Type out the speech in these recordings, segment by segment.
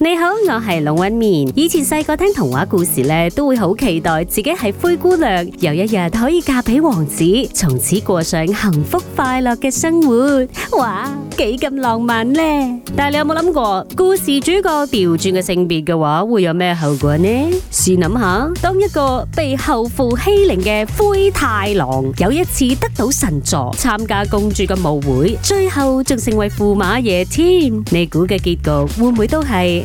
你好，我係龍紋敏。以前細個聽童話故事呢，都會好期待自己係灰姑娘，有一日可以嫁俾王子，從此過上幸福快樂嘅生活。哇，幾咁浪漫呢！但係你有冇諗過，故事主角調轉嘅性別嘅話，會有咩後果呢？試諗下，當一個被後父欺凌嘅灰太郎，有一次得到神助，參加公主嘅舞會，最後仲成為駙馬爺添。你估嘅結局會唔會都係？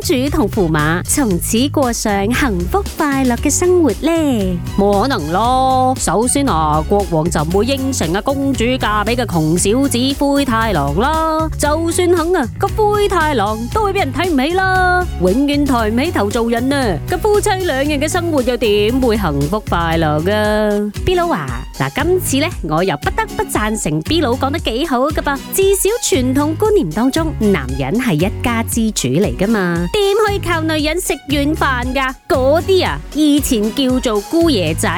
公主同駙馬從此過上幸福快樂嘅生活呢？冇可能咯！首先啊，國王就唔會應承、啊、阿公主嫁俾個窮小子灰太郎啦。就算肯啊，個灰太郎都會俾人睇唔起啦，永遠抬唔起頭做人啊！個夫妻兩人嘅生活又點會幸福快樂噶？B 佬啊，嗱、啊啊，今次呢，我又不得不贊成 B 佬講得幾好噶噃，至少傳統觀念當中，男人係一家之主嚟噶嘛。點可以靠女人食軟飯㗎？嗰啲啊，以前叫做姑爺仔，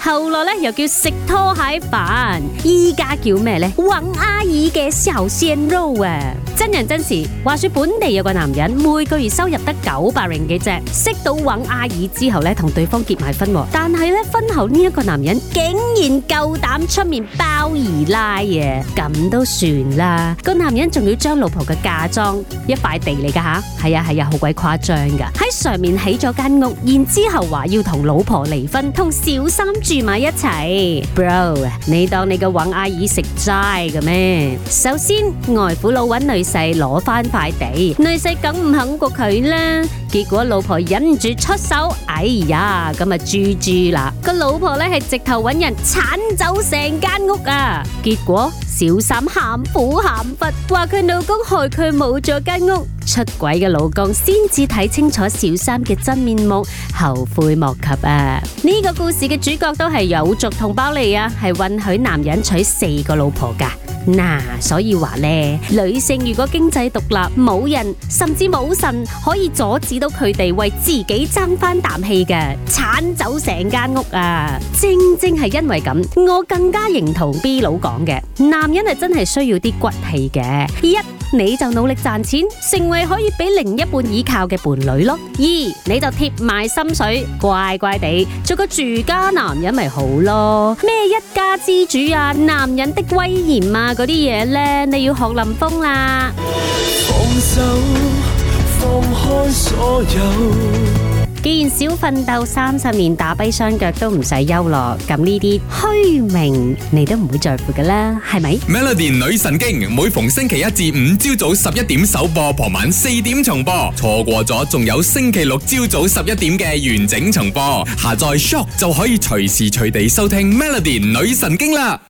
後來呢又叫食拖鞋飯，依家叫咩呢？王阿姨嘅小鮮肉啊！真人真事，話說本地有個男人每個月收入得九百零幾隻，識到揾阿姨之後呢，同對方結埋婚啊。但係呢，婚後呢一個男人竟然夠膽出面包二奶啊！咁都算啦，個男人仲要將老婆嘅嫁妝一塊地嚟噶吓，係啊係啊，好鬼、啊啊、誇張噶！喺上面起咗間屋，然之後話要同老婆離婚，同小三住埋一齊。Bro，你當你個揾阿姨食齋嘅咩？首先外父老揾女。細攞翻塊地，女婿梗唔肯過佢啦。結果老婆忍唔住出手，哎呀，咁啊豬豬啦。個老婆咧係直頭搵人鏟走成間屋啊。結果小三喊苦喊忽，話佢老公害佢冇咗間屋。出軌嘅老公先至睇清楚小三嘅真面目，後悔莫及啊！呢個故事嘅主角都係有族同胞嚟啊，係允許男人娶四個老婆噶。嗱、啊，所以話呢，女性如果經濟獨立，冇人甚至冇神可以阻止到佢哋為自己爭翻啖氣嘅，鏟走成間屋啊！正正係因為咁，我更加認同 B 佬講嘅，男人係真係需要啲骨氣嘅。一，你就努力賺錢，成為可以俾另一半依靠嘅伴侶咯。二，你就貼埋心水，乖乖地做個住家男人咪好咯。咩一家之主啊，男人的威嚴啊，嗰啲嘢呢？你要學林峰啦。放手，放開所有既然少奮鬥三十年打跛雙腳都唔使憂咯，咁呢啲虛名你都唔會在乎㗎啦，係咪？Melody 女神經每逢星期一至五朝早十一點首播，傍晚四點重播，錯過咗仲有星期六朝早十一點嘅完整重播，下載 Shock 就可以隨時隨地收聽 Melody 女神經啦。